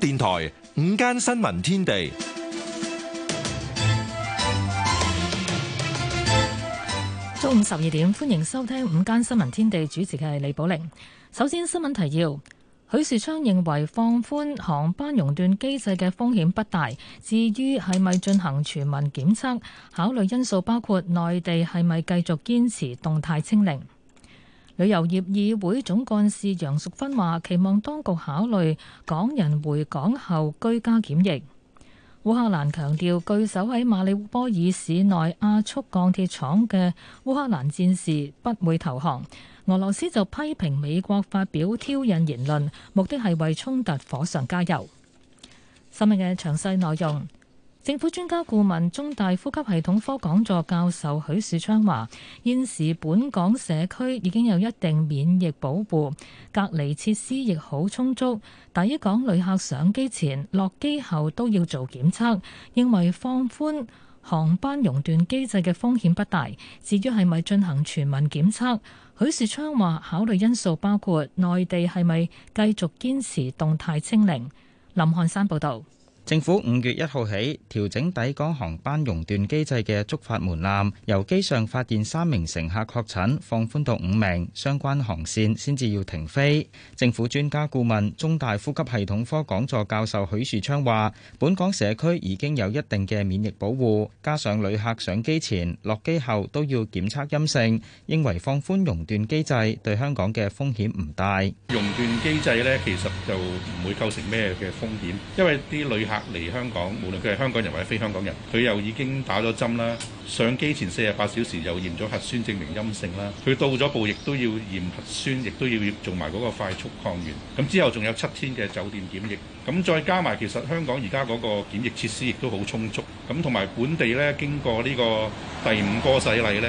電台午間新聞天地，中午十二點，歡迎收聽午間新聞天地，主持嘅係李寶玲。首先新聞提要，許樹昌認為放寬航班熔斷機制嘅風險不大，至於係咪進行全民檢測，考慮因素包括內地係咪繼續堅持動態清零。旅遊業議會總幹事楊淑芬話：期望當局考慮港人回港後居家檢疫。烏克蘭強調，據守喺馬里烏波爾市內亞速鋼鐵廠嘅烏克蘭戰士不會投降。俄羅斯就批評美國發表挑釁言論，目的係為衝突火上加油。新聞嘅詳細內容。政府專家顧問、中大呼吸系統科講座教授許樹昌話：現時本港社區已經有一定免疫保護，隔離設施亦好充足。抵港旅客上機前、落機後都要做檢測。認為放寬航班熔斷機制嘅風險不大。至於係咪進行全民檢測，許樹昌話，考慮因素包括內地係咪繼續堅持動態清零。林漢山報導。政府五月一號起調整抵港航班熔斷機制嘅觸發門檻，由機上發現三名乘客確診放寬到五名，相關航線先至要停飛。政府專家顧問、中大呼吸系統科講座教授許樹昌話，本港社區已經有一定嘅免疫保護，加上旅客上機前、落機後都要檢測陰性，認為放寬熔斷機制對香港嘅風險唔大。熔斷機制咧，其實就唔會構成咩嘅風險，因為啲旅客，隔離香港，無論佢係香港人或者非香港人，佢又已經打咗針啦，上機前四十八小時又驗咗核酸證明陰性啦，佢到咗埗亦都要驗核酸，亦都要做埋嗰個快速抗原，咁之後仲有七天嘅酒店檢疫，咁再加埋其實香港而家嗰個檢疫設施亦都好充足，咁同埋本地呢，經過呢個第五波洗禮呢。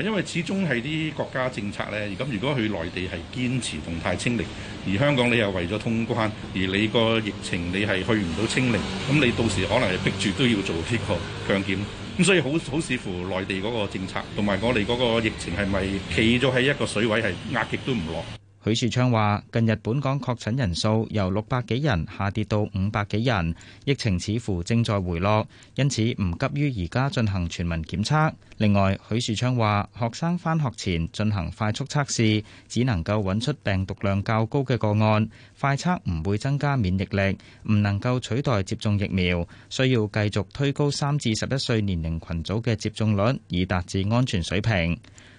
因為始終係啲國家政策呢，咁如果去內地係堅持動態清零，而香港你又為咗通關，而你個疫情你係去唔到清零，咁你到時可能係逼住都要做呢個強檢，咁所以好好視乎內地嗰個政策，同埋我哋嗰個疫情係咪企咗喺一個水位係壓極都唔落。許樹昌話：近日本港確診人數由六百幾人下跌到五百幾人，疫情似乎正在回落，因此唔急於而家進行全民檢測。另外，許樹昌話學生返學前進行快速測試，只能夠揾出病毒量較高嘅個案，快測唔會增加免疫力，唔能夠取代接種疫苗，需要繼續推高三至十一歲年齡群組嘅接種率，以達至安全水平。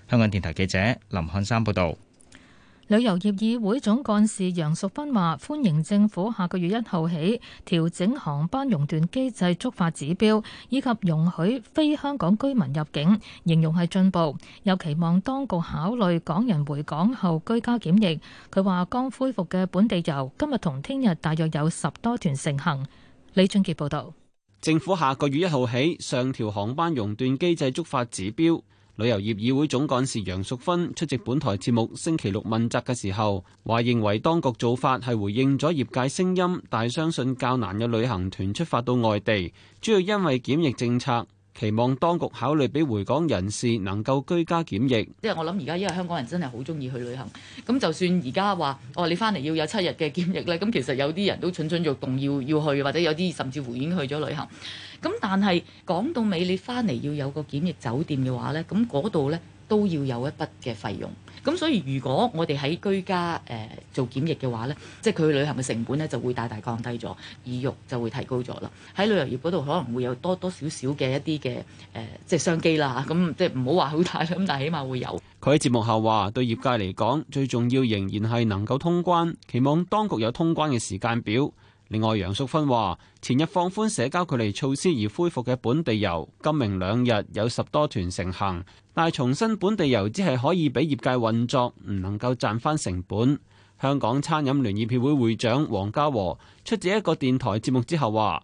香港電台記者林漢山報導。旅遊業議會總幹事楊淑芬話：歡迎政府下個月一號起調整航班熔斷機制觸發指標，以及容許非香港居民入境，形容係進步。又期望當局考慮港人回港後居家檢疫。佢話：剛恢復嘅本地遊今日同聽日大約有十多團成行。李俊傑報導。政府下個月一號起上調航班熔斷機制觸發指標。旅遊業議會總幹事楊淑芬出席本台節目星期六問責嘅時候，話認為當局做法係回應咗業界聲音，但相信較難有旅行團出發到外地，主要因為檢疫政策。期望當局考慮俾回港人士能夠居家檢疫。即係我諗而家因為香港人真係好中意去旅行，咁就算而家話哦你翻嚟要有七日嘅檢疫咧，咁其實有啲人都蠢蠢欲動要要去，或者有啲甚至乎已經去咗旅行。咁但係講到尾你翻嚟要有個檢疫酒店嘅話咧，咁嗰度咧都要有一筆嘅費用。咁所以如果我哋喺居家誒、呃、做檢疫嘅話咧，即係佢去旅行嘅成本咧就會大大降低咗，意欲就會提高咗啦。喺旅遊業嗰度可能會有多多少少嘅一啲嘅誒，即係商機啦。咁即係唔好話好大，咁但係起碼會有。佢喺節目後話：對業界嚟講，最重要仍然係能夠通關，期望當局有通關嘅時間表。另外，楊淑芬話：前日放寬社交距離措施而恢復嘅本地遊，今明兩日有十多團成行，但係重申本地遊只係可以俾業界運作，唔能夠賺翻成本。香港餐飲聯業協會會長黃家和出席一個電台節目之後話。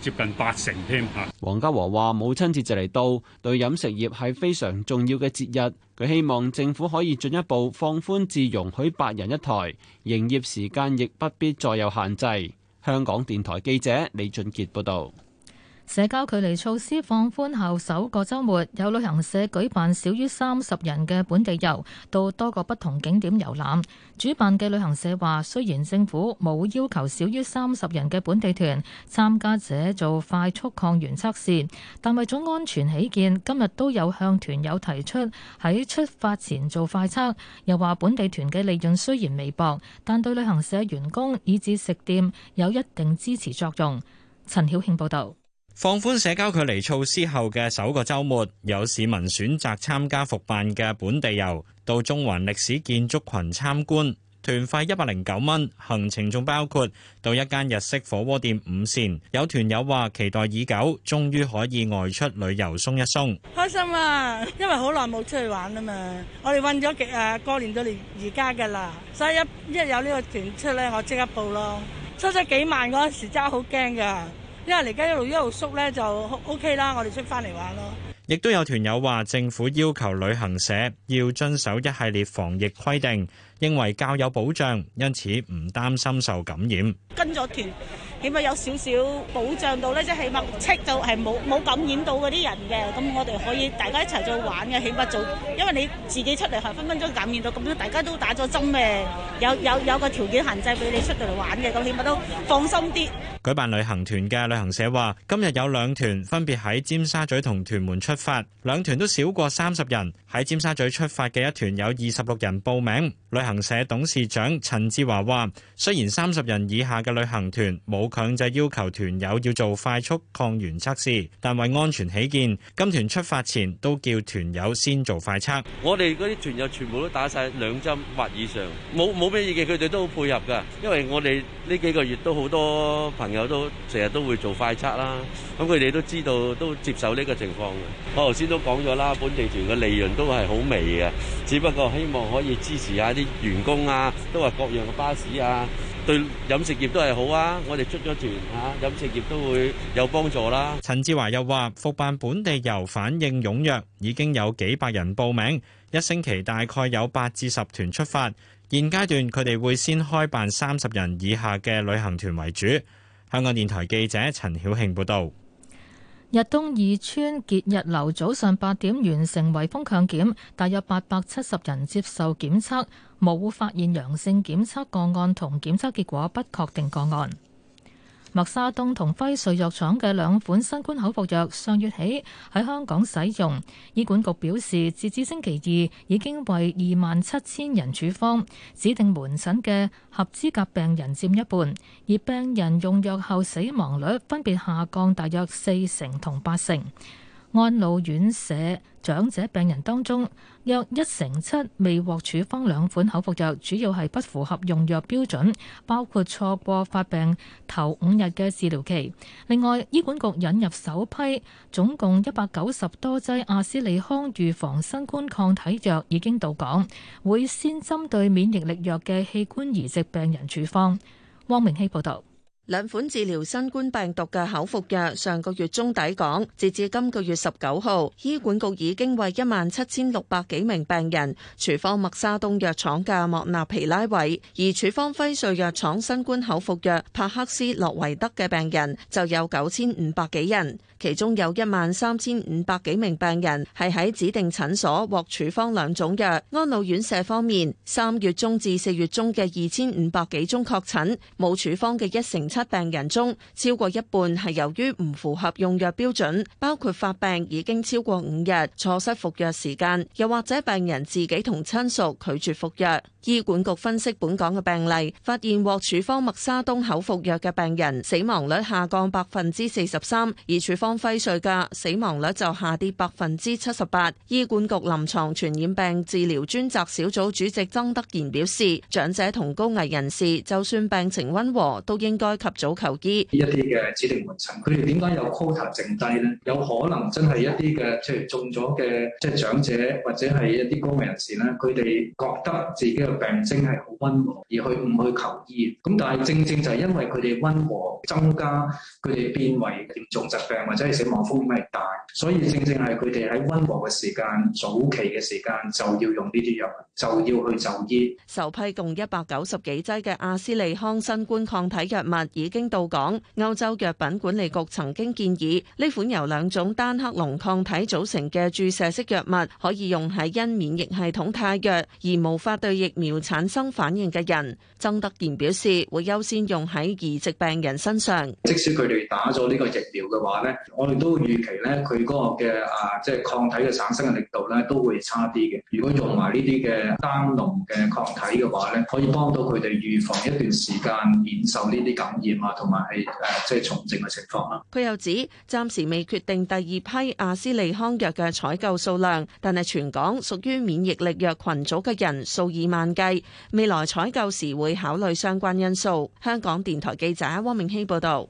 接近八成添吓，黃家和話母親節就嚟到，對飲食業係非常重要嘅節日。佢希望政府可以進一步放寬至容許八人一台，營業時間亦不必再有限制。香港電台記者李俊傑報道。社交距離措施放寬後，首個週末有旅行社舉辦少於三十人嘅本地遊，到多個不同景點遊覽。主辦嘅旅行社話，雖然政府冇要求少於三十人嘅本地團參加者做快速抗原測試，但為咗安全起見，今日都有向團友提出喺出發前做快測。又話本地團嘅利潤雖然微薄，但對旅行社員工以至食店有一定支持作用。陳曉慶報道。放寬社交距離措施後嘅首個周末，有市民選擇參加復辦嘅本地遊，到中環歷史建築群參觀，團費一百零九蚊，行程仲包括到一間日式火鍋店午膳。有團友話期待已久，終於可以外出旅遊鬆一鬆，開心啊！因為好耐冇出去玩啊嘛，我哋困咗幾耐啊？過年到而家噶啦，所以一一有呢個團出嚟，我即刻報咯。出咗幾萬嗰陣時真係好驚噶。因為而家一路一路縮咧，就 OK 啦，我哋出翻嚟玩咯。亦都有團友話，政府要求旅行社要遵守一系列防疫規定，認為較有保障，因此唔擔心受感染。跟咗團。起碼有少少保障到呢，即係起碼測就係冇冇感染到嗰啲人嘅，咁我哋可以大家一齊再玩嘅，起碼做，因為你自己出嚟係分分鐘感染到，咁都大家都打咗針嘅，有有有個條件限制俾你出到嚟玩嘅，咁起碼都放心啲。舉辦旅行團嘅旅行社話，今日有兩團分別喺尖沙咀同屯門出發，兩團都少過三十人。喺尖沙咀出發嘅一團有二十六人報名。旅行社董事長陳志華話，雖然三十人以下嘅旅行團冇強制要求團友要做快速抗原測試，但為安全起見，今團出發前都叫團友先做快測。我哋嗰啲團友全部都打晒兩針或以上，冇冇咩意見，佢哋都好配合噶，因為我哋呢幾個月都好多朋友都成日都會做快測啦，咁佢哋都知道都接受呢個情況，我頭先都講咗啦，本地團嘅利潤都係好微嘅，只不過希望可以支持下，啲員工啊，都話各樣嘅巴士啊，對飲食業都係好啊！我哋出咗團啊，飲食業都會有幫助啦，啊。陳志華又話：復辦本地遊反應踴躍，已經有幾百人報名，一星期大概有八至十團出發。現階段佢哋會先開辦三十人以下嘅旅行團為主。香港電台記者陳曉慶報導。日東二村節日樓早上八點完成圍封強檢，大約八百七十人接受檢測，冇發現陽性檢測個案同檢測結果不確定個案。默沙東同輝瑞藥廠嘅兩款新冠口服藥，上月起喺香港使用。醫管局表示，截至星期二已經為二萬七千人處方，指定門診嘅合資格病人佔一半，而病人用藥後死亡率分別下降大約四成同八成。安老院舍長者病人當中約一成七未獲處方兩款口服藥，主要係不符合用藥標準，包括錯過發病頭五日嘅治療期。另外，醫管局引入首批總共一百九十多劑阿斯利康預防新冠抗體藥已經到港，會先針對免疫力弱嘅器官移植病人處方。汪明希報道。兩款治療新冠病毒嘅口服藥上個月中抵港，截至今個月十九號，醫管局已經為一萬七千六百幾名病人處方默沙東藥廠嘅莫納皮拉韋，而處方輝瑞藥廠新冠口服藥帕克斯洛維德嘅病人就有九千五百幾人，其中有一萬三千五百幾名病人係喺指定診所獲處方兩種藥。安老院舍方面，三月中至四月中嘅二千五百幾宗確診冇處方嘅一成七七病人中，超過一半係由於唔符合用藥標準，包括發病已經超過五日，錯失服藥時間，又或者病人自己同親屬拒絕服藥。醫管局分析本港嘅病例，發現獲處方默沙東口服藥嘅病人死亡率下降百分之四十三，而處方輝瑞嘅死亡率就下跌百分之七十八。醫管局臨床傳染病治療專責小組主席曾德賢表示，長者同高危人士就算病情溫和，都應該。及早求醫。一啲嘅指定門診，佢哋點解有 quota 剩低咧？有可能真係一啲嘅，即係中咗嘅，即係長者或者係一啲高危人士咧，佢哋覺得自己嘅病徵係好温和，而去唔去求醫？咁但係正正就係因為佢哋温和，增加佢哋變為嚴重疾病或者係死亡風險係大，所以正正係佢哋喺温和嘅時間，早期嘅時間就要用呢啲藥，就要去就醫。首批共一百九十幾劑嘅阿斯利康新冠抗體藥物，已經到港。歐洲藥品管理局曾經建議，呢款由兩種單克隆抗體組成嘅注射式藥物，可以用喺因免疫系統太弱而無法對疫苗產生反應嘅人。曾德賢表示，會優先用喺移植病人身上。即使佢哋打咗呢個疫苗嘅話呢，我哋都預期呢佢嗰個嘅啊，即係抗體嘅產生嘅力度呢，都會差啲嘅。如果用埋呢啲嘅單隆嘅抗體嘅話呢，可以幫到佢哋預防一段時間免受呢啲感染。業啊，同埋係誒，即係重症嘅情況啦。佢又指，暫時未決定第二批阿斯利康藥嘅採購數量，但係全港屬於免疫力弱群組嘅人數以萬計，未來採購時會考慮相關因素。香港電台記者汪明熙報道。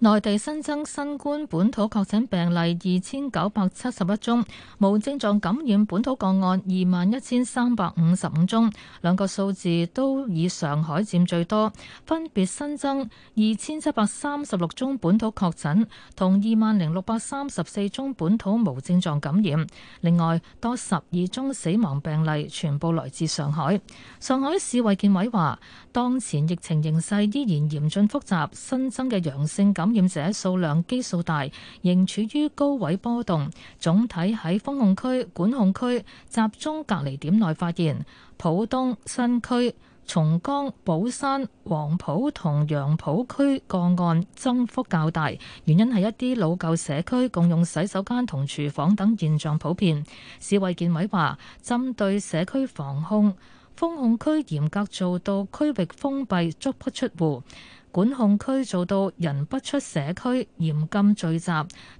內地新增新冠本土確診病例二千九百七十一宗，無症狀感染本土個案二萬一千三百五十五宗，兩個數字都以上海佔最多，分別新增二千七百三十六宗本土確診，同二萬零六百三十四宗本土無症狀感染。另外多十二宗死亡病例，全部來自上海。上海市衛健委話，當前疫情形勢依然嚴峻複雜，新增嘅陽性感感染者數量基數大，仍處於高位波動，總體喺封控區、管控區集中隔離點內發現。浦東新區、松江、寶山、黃浦同楊浦區個案增幅較大，原因係一啲老舊社區共用洗手間同廚房等現象普遍。市衛健委話針對社區防控，封控區嚴格做到區域封閉，足不出戶。管控區做到人不出社區，嚴禁聚集。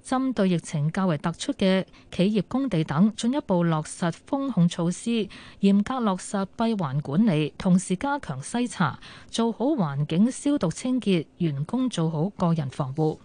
針對疫情較為突出嘅企業工地等，進一步落實封控措施，嚴格落實閉環管理，同時加強篩查，做好環境消毒清潔，員工做好個人防護。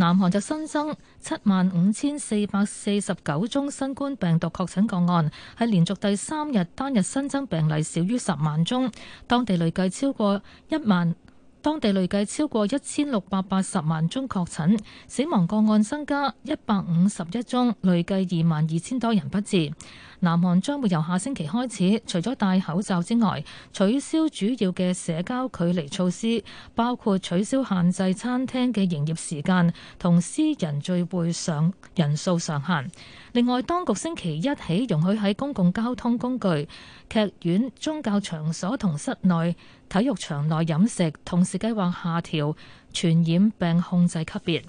南韓就新增七萬五千四百四十九宗新冠病毒確診個案，係連續第三日單日新增病例少於十萬宗，當地累計超過一萬。當地累計超過一千六百八十萬宗確診，死亡個案增加一百五十一宗，累計二萬二千多人不治。南韓將會由下星期開始，除咗戴口罩之外，取消主要嘅社交距離措施，包括取消限制餐廳嘅營業時間同私人聚會上人數上限。另外，當局星期一起容許喺公共交通工具、劇院、宗教場所同室內。體育場內飲食，同時計劃下調傳染病控制級別。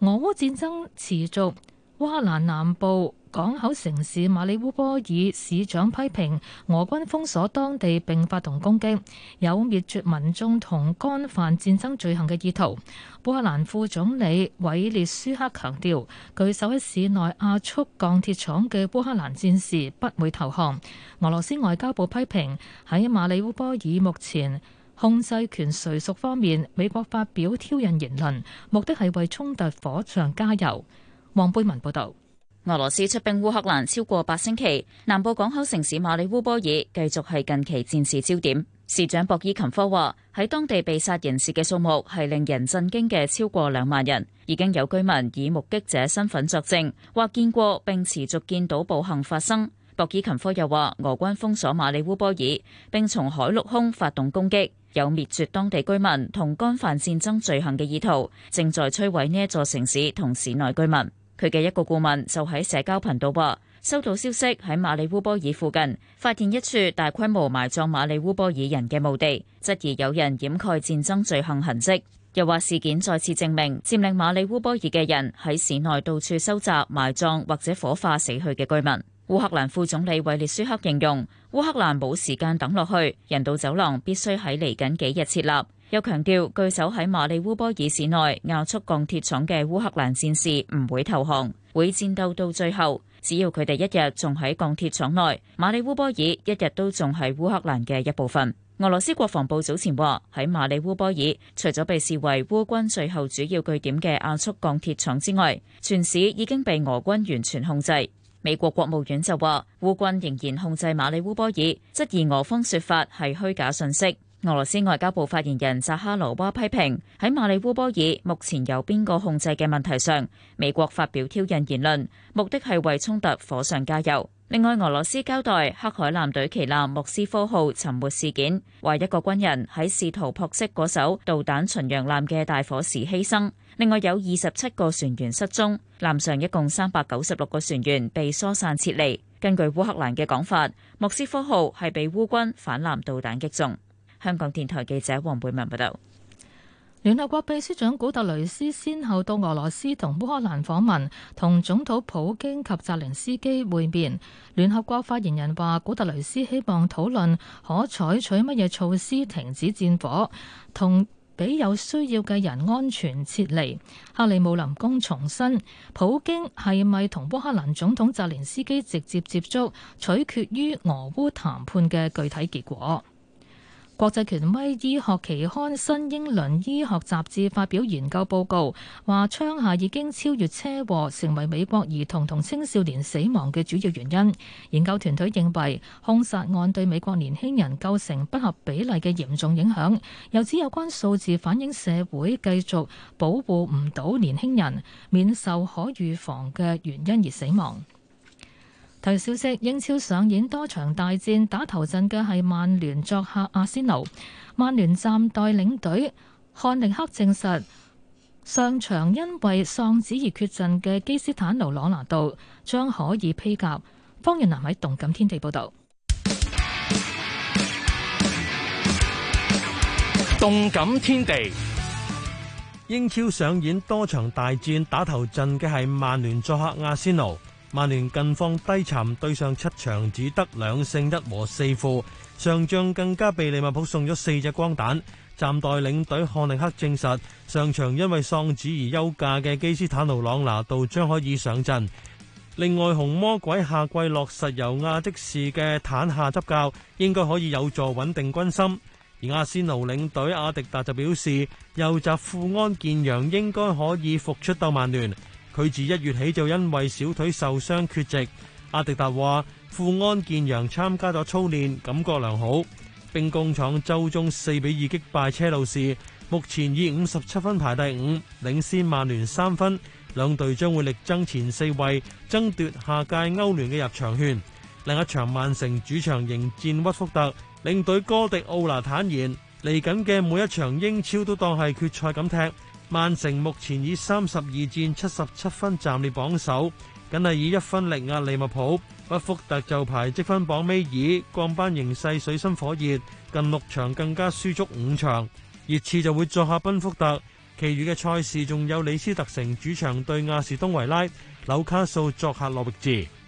俄烏戰爭持續。烏克蘭南部港口城市馬里烏波爾市長批評俄軍封鎖當地，並發動攻擊，有滅絕民眾同干犯戰爭罪行嘅意圖。烏克蘭副總理韋列舒克強調，據守喺市內亞速鋼鐵廠嘅烏克蘭戰士不會投降。俄羅斯外交部批評喺馬里烏波爾目前控制權誰屬方面，美國發表挑釁言論，目的係為衝突火上加油。黃貝文報道，俄羅斯出兵烏克蘭超過八星期，南部港口城市馬里烏波爾繼續係近期戰事焦點。市長博伊琴科話，喺當地被殺人士嘅數目係令人震驚嘅，超過兩萬人。已經有居民以目擊者身份作證，或見過，並持續見到暴行發生。博伊琴科又話，俄軍封鎖馬里烏波爾，並從海陸空發動攻擊，有滅絕當地居民同干犯戰爭罪行嘅意圖，正在摧毀呢一座城市同市內居民。佢嘅一個顧問就喺社交頻道話，收到消息喺馬里烏波爾附近發現一處大規模埋葬馬里烏波爾人嘅墓地，質疑有人掩蓋戰爭罪行痕跡，又話事件再次證明佔領馬里烏波爾嘅人喺市內到處收集埋葬或者火化死去嘅居民。烏克蘭副總理韋列舒克形容，烏克蘭冇時間等落去，人道走廊必須喺嚟緊幾日設立。又強調，據守喺馬里烏波爾市內亞速鋼鐵廠嘅烏克蘭戰士唔會投降，會戰鬥到最後。只要佢哋一日仲喺鋼鐵廠內，馬里烏波爾一日都仲係烏克蘭嘅一部分。俄羅斯國防部早前話喺馬里烏波爾，除咗被視為烏軍最後主要據點嘅亞速鋼鐵廠之外，全市已經被俄軍完全控制。美國國務院就話烏軍仍然控制馬里烏波爾，質疑俄方說法係虛假信息。俄羅斯外交部發言人扎哈羅娃批評喺馬里烏波爾目前由邊個控制嘅問題上，美國發表挑釁言論，目的係為衝突火上加油。另外，俄羅斯交代黑海艦隊旗艦莫斯科號沉沒事件，話一個軍人喺試圖撲熄嗰艘導彈巡洋艦嘅大火時犧牲，另外有二十七個船員失蹤，艦上一共三百九十六個船員被疏散撤離。根據烏克蘭嘅講法，莫斯科號係被烏軍反艦導彈擊中。香港電台記者王貝文報道，聯合國秘書長古特雷斯先後到俄羅斯同烏克蘭訪問，同總統普京及澤連斯基會面。聯合國發言人話，古特雷斯希望討論可採取乜嘢措施停止戰火，同俾有需要嘅人安全撤離。克里姆林宮重申，普京係咪同烏克蘭總統澤連斯基直接接觸，取決於俄烏談判嘅具體結果。國際權威醫學期刊《新英倫醫學雜誌》發表研究報告，話槍械已經超越車禍，成為美國兒童同青少年死亡嘅主要原因。研究團隊認為，兇殺案對美國年輕人構成不合比例嘅嚴重影響，又指有關數字反映社會繼續保護唔到年輕人，免受可預防嘅原因而死亡。提消息，英超上演多場大戰，打頭陣嘅係曼聯作客阿仙奴。曼聯暫代領隊漢尼克證實，上場因為喪子而缺陣嘅基斯坦奴·朗拿度將可以披甲。方遠南喺動感天地報道。動感天地，英超上演多場大戰，打頭陣嘅係曼聯作客阿仙奴。曼聯近況低沉，對上七場只得兩勝一和四負，上仗更加被利物浦送咗四隻光蛋。暫代領隊漢尼克證實，上場因為喪子而休假嘅基斯坦奴朗拿度將可以上陣。另外，紅魔鬼下季落實由亞積士嘅坦下執教，應該可以有助穩定軍心。而阿仙奴領隊阿迪達就表示，右閘富安健洋應該可以復出鬥曼聯。佢自一月起就因為小腿受傷缺席。阿迪達話：富安健洋參加咗操練，感覺良好。兵工廠週中四比二擊敗車路士，目前以五十七分排第五，領先曼聯三分。兩隊將會力爭前四位，爭奪下屆歐聯嘅入場券。另一場曼城主場迎戰屈福特，領隊哥迪奧拿坦言：嚟緊嘅每一場英超都當係決賽咁踢。曼城目前以三十二戰七十七分暫列榜首，僅係以一分力壓利物浦。屈福特就排積分榜尾二，降班形勢水深火熱，近六場更加輸足五場。熱刺就會作客賓福特，其餘嘅賽事仲有李斯特城主場對亞士東維拉、紐卡素作客諾域治。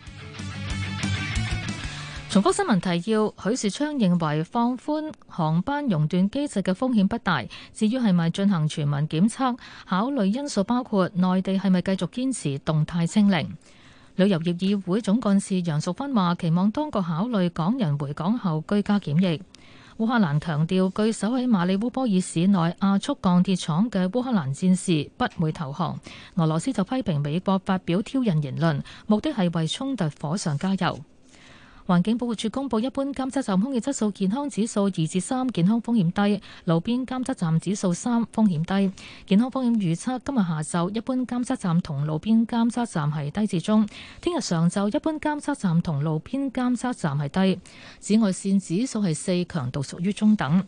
重複新聞提要：許樹昌認為放寬航班熔斷機制嘅風險不大，至於係咪進行全民檢測，考慮因素包括內地係咪繼續堅持動態清零。旅遊業議會總幹事楊淑芬話：期望當局考慮港人回港後居家檢疫。烏克蘭強調，據守喺馬里烏波爾市內亞速鋼鐵廠嘅烏克蘭戰士不會投降。俄羅斯就批評美國發表挑釁言論，目的係為衝突火上加油。環境保護署公布，一般監測站空氣質素健康指數二至三，健康風險低；路邊監測站指數三，風險低。健康風險預測今日下晝一般監測站同路邊監測站係低至中，聽日上晝一般監測站同路邊監測站係低。紫外線指數係四，強度屬於中等。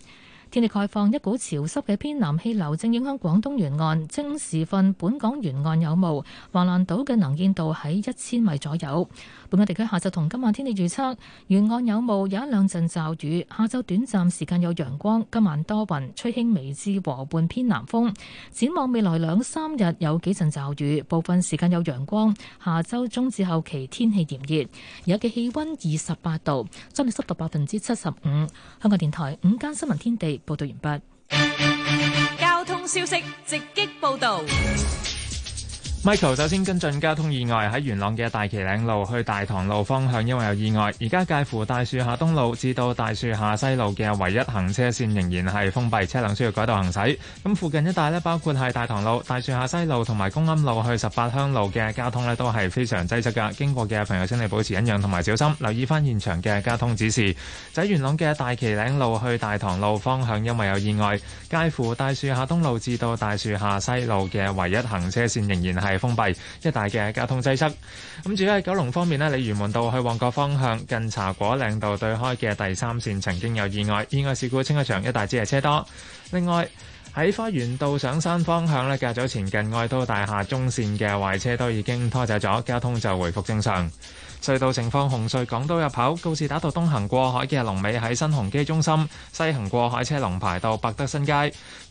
天氣概況，一股潮濕嘅偏南氣流正影響廣東沿岸，正時分本港沿岸有霧，橫瀾島嘅能見度喺一千米左右。本港地區下晝同今晚天氣預測：沿岸有霧，有一兩陣驟雨；下晝短暫時間有陽光，今晚多雲，吹輕微至和半偏，偏南風。展望未來兩三日有幾陣驟雨，部分時間有陽光。下週中至後期天氣炎熱，而家嘅氣温二十八度，相對濕度百分之七十五。香港電台午間新聞天地。報道完畢。交通消息，直擊報道。Michael 首先跟進交通意外，喺元朗嘅大旗嶺路去大棠路方向，因為有意外，而家介乎大樹下東路至到大樹下西路嘅唯一行車線仍然係封閉，車輛需要改道行駛。咁附近一帶咧，包括係大棠路、大樹下西路同埋公庵路去十八鄉路嘅交通咧，都係非常擠塞噶。經過嘅朋友請你保持忍讓同埋小心，留意翻現場嘅交通指示。就喺元朗嘅大旗嶺路去大棠路方向，因為有意外，介乎大樹下東路至到大樹下西路嘅唯一行車線仍然係。封閉，一帶嘅交通擠塞。咁至於喺九龍方面咧，鯉魚門道去旺角方向近茶果嶺道對開嘅第三線曾經有意外，意外事故清一場，一大支係車多。另外喺花園道上山方向咧，較早前近愛都大廈中線嘅壞車都已經拖走咗，交通就回復正常。隧道情況：紅隧港島入口告士打道東行過海嘅車龍尾喺新鴻基中心，西行過海車龍排到百德新街。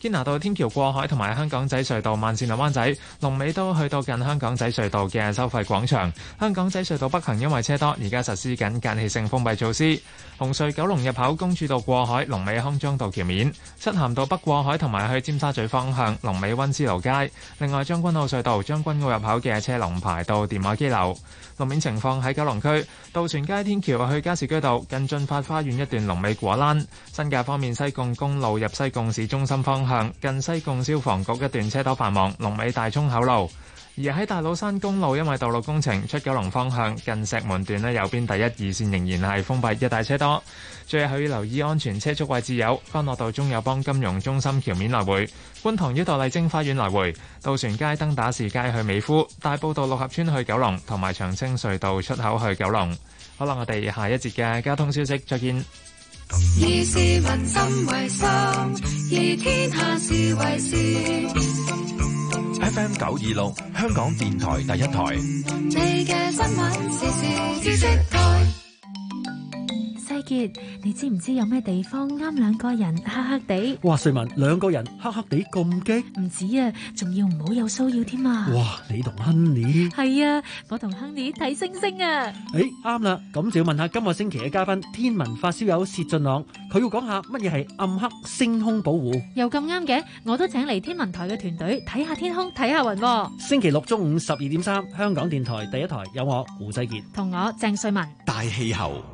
堅拿道天橋過海同埋香港仔隧道慢線落灣仔，龍尾都去到近香港仔隧道嘅收費廣場。香港仔隧道北行因為車多，而家實施緊間歇性封閉措施。紅隧九龍入口公主道過海，龍尾康莊道橋面。漆鹹道北過海同埋去尖沙咀方向，龍尾溫思勞街。另外，將軍澳隧道將軍澳入口嘅車龍排到電話機樓。路面情況喺九九龍區渡船街天橋落去加士居道、近駿發花園一段龍尾果欄；新界方面，西貢公路入西貢市中心方向、近西貢消防局一段車多繁忙，龍尾大涌口路。而喺大老山公路，因為道路工程，出九龍方向近石門段呢，右邊第一二線仍然係封閉，一帶車多。最後要留意安全車速位置有：干諾道中友邦金融中心橋面來回、觀塘繞道麗晶花園來回、渡船街、登打士街去美孚、大埔道六合村去九龍，同埋長青隧道出口去九龍。好啦，我哋下一節嘅交通消息，再見。以 FM 九二六，香港電台第一台。世傑，你知唔知有咩地方啱兩個人黑黑地？哇！瑞文，兩個人黑黑地咁驚？唔止啊，仲要唔好有騷擾添啊！哇！你同 Honey？係啊，我同 Honey 睇星星啊！誒，啱啦，咁就要問下今個星期嘅嘉賓天文發燒友薛俊朗，佢要講下乜嘢係暗黑星空保護？又咁啱嘅，我都請嚟天文台嘅團隊睇下天空，睇下雲喎。星期六中午十二點三，3，香港電台第一台有我胡世傑，同我鄭瑞文，大氣候。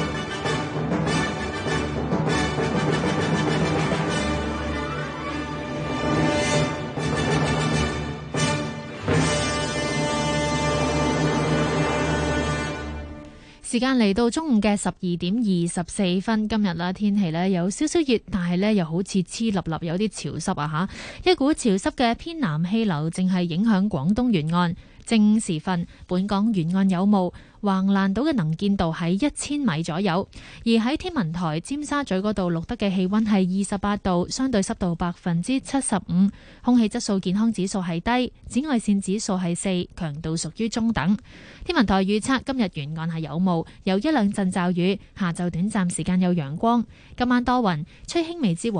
時間嚟到中午嘅十二點二十四分，今日啦天氣咧有少少熱，但係咧又好似黐立立，有啲潮濕啊吓，一股潮濕嘅偏南氣流正係影響廣東沿岸。正午時分，本港沿岸有霧，橫瀾島嘅能見度喺一千米左右。而喺天文台尖沙咀嗰度錄得嘅氣溫係二十八度，相對濕度百分之七十五，空氣質素健康指數係低，紫外綫指數係四，強度屬於中等。天文台預測今日沿岸係有霧，有一兩陣驟雨，下晝短暫時間有陽光，今晚多雲，吹輕微至和。